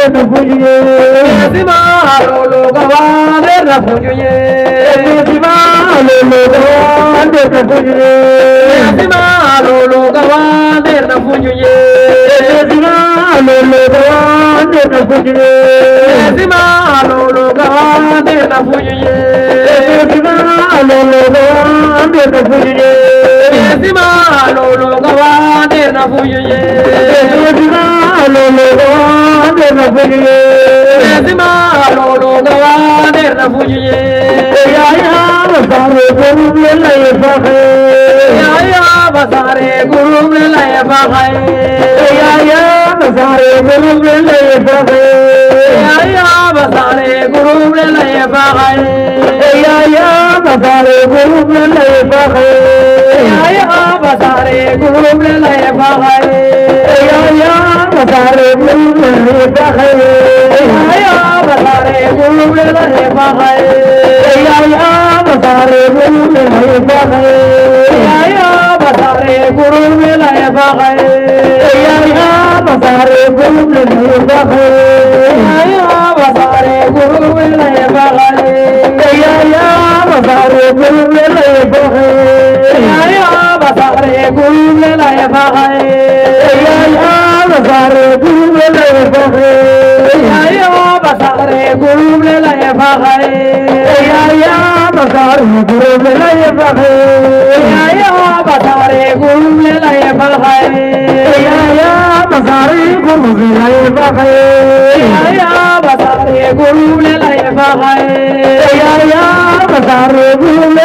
ke nufuye Sima lo lo gawande nafuye Sima lo lo gawande nafuye Sima lo lo gawande nafuye Sima lo lo gawande nafuye Sima lo lo gawande nafuye begele nezima lolo gawa der na fujiye ya ya basare gurum le laye fakhe ya ya basare gurum le laye fakhe ya ya basare gurum le laye fakhe ya ya basare gurum le laye fakhe ya ya basare gurum le laye fakhe ya ya basare gurum le laye fakhe بسارے بلے بخے یا بسارے بلے بخے یا بسارے بلے بخے یا بسارے بلے بخے یا بسارے بلے بخے یا بسارے بلے بخے یا بسارے بلے بخے یا بسارے بلے بخے basare gulumle la faxe yaya basare gulumle la faxe yaya basare gulumle la faxe yaya basare gulumle la faxe yaya basare gulumle la faxe yaya basare gulumle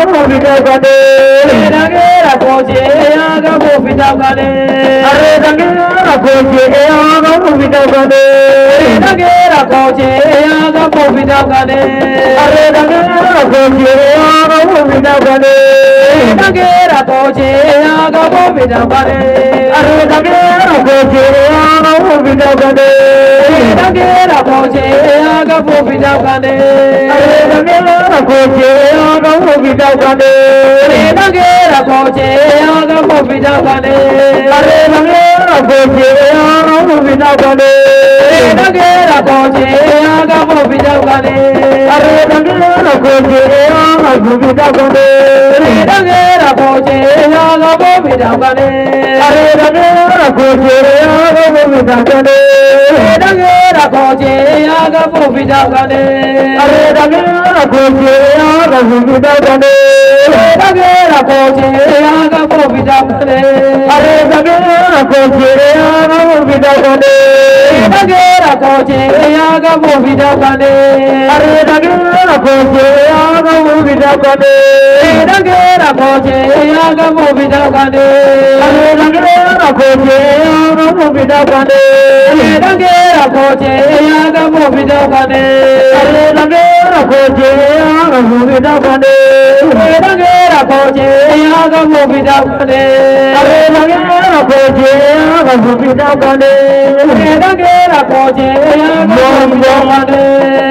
fitagale erangeera koje eyanga mu fitagale erangeera koje eyanga mu fitagale erangeera koje eyanga mu fitagale erangeera koje eyanga mu fitagale erangeera koje eyanga mu fitagale erangeera koje eyanga mu fitagale ko fitaw kande ayena ngera ko che aga ko fitaw kande ayena ngera ko che aga ko fitaw kande ayena ngera ko che aga ko fitaw kande ayena ngera ko che aga ko fitaw kande ayena ngera ko che aga ko fitaw kande ayena ngera ko che jambane are dange ra ko chere aga bobi jambane dange ra ko chere aga bobi jambane are dange ra ko chere aga bobi jambane dange ra ko chere aga bobi jambane are dange ra ko chere aga fida kande dagera a yaga mu fida kande are dagera koje yaga mu fida kande dagera koje yaga mu fida kande are dagera koje yaga mu fida kande dagera koje yaga mu fida koje ya ga mu bida kone are da ge na koje ya ga mu bida kone are da ge na koje ya ga mu bida kone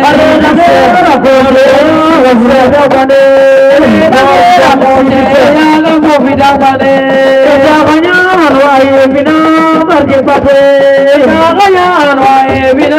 are da ge na koje ya ga mu bida kone are da ge na koje ya ga mu bida kone ja banya anwa ye bina marje pate ja banya anwa ye bina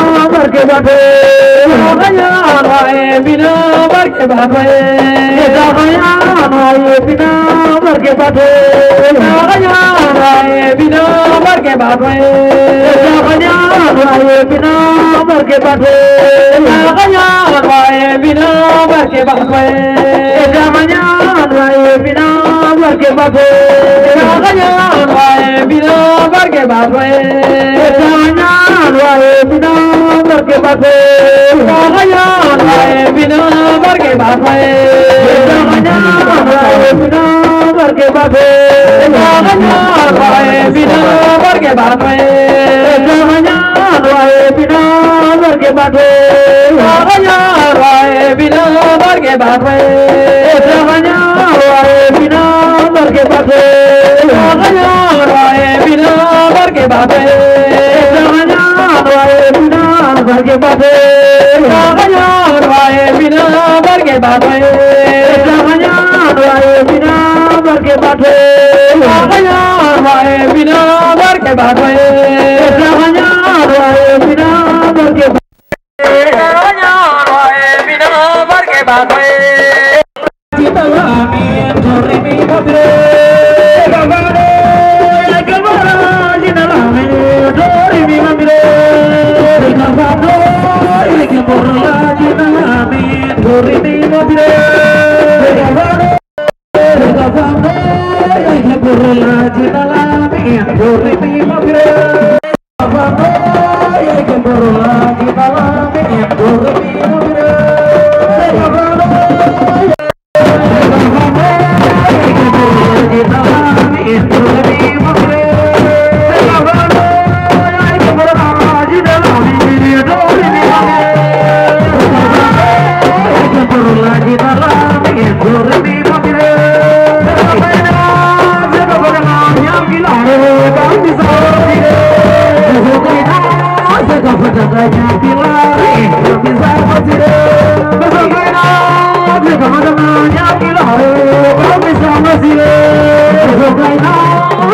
barke babe ya rae bina barke babe ya rae bina barke babe ya rae bina barke babe ya rae bina barke babe ya rae bina barke babe ya rae bina barke babe ya rae bina barke babe ya rae bina barke ba sai hanya raye bina barke ba sai hanya raye bina barke ba sai hanya raye bina barke ba sai hanya raye bina barke ba sai hanya raye bina barke ba sai hanya raye bina barke ba sai hanya raye bina barke ba sai के बाबे हजान वाए बिना बर के बाबे हजान वाए बिना बर के बाबे हजान वाए बिना बर के बाबे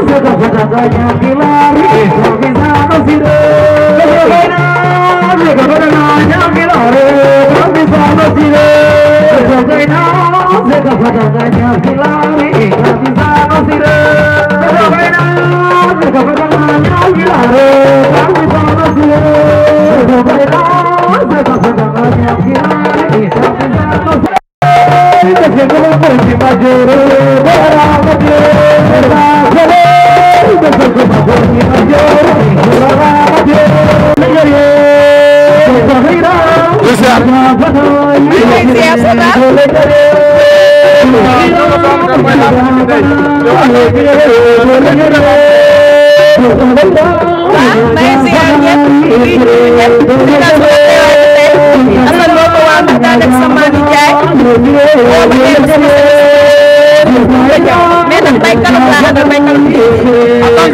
Zeka Fatanganya Kilari Kabizano Sire mais nag béykat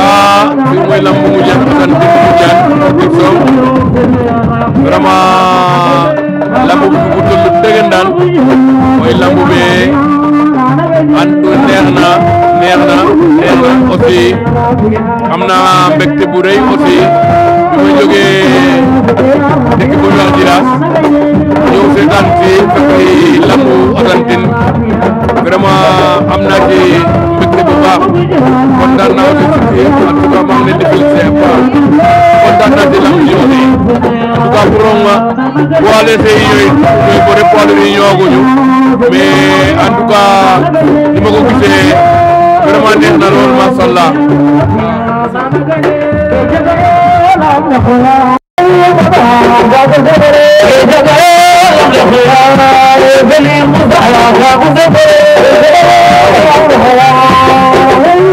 ah lii mooy lamb mu jeex ba tànn dëkk bu jaar dëkk soow vraiment lamb bu mooy lamb bi an neex na neex na neex na aussi am na mbégte bu rëy aussi bi ma jógee dëkk bu ñu wax Diraas ñëw seetaan si lambu Atane Tine vraiment am naa ci. kon daan naa di tukkee en tout cas maa ngi leen di félicité ba kontaan naa di lamb yooyu en tout cas pour nga waa léegi yooyu ñooy ko rek poids yi ma ko gisee vraiment neex na lool macha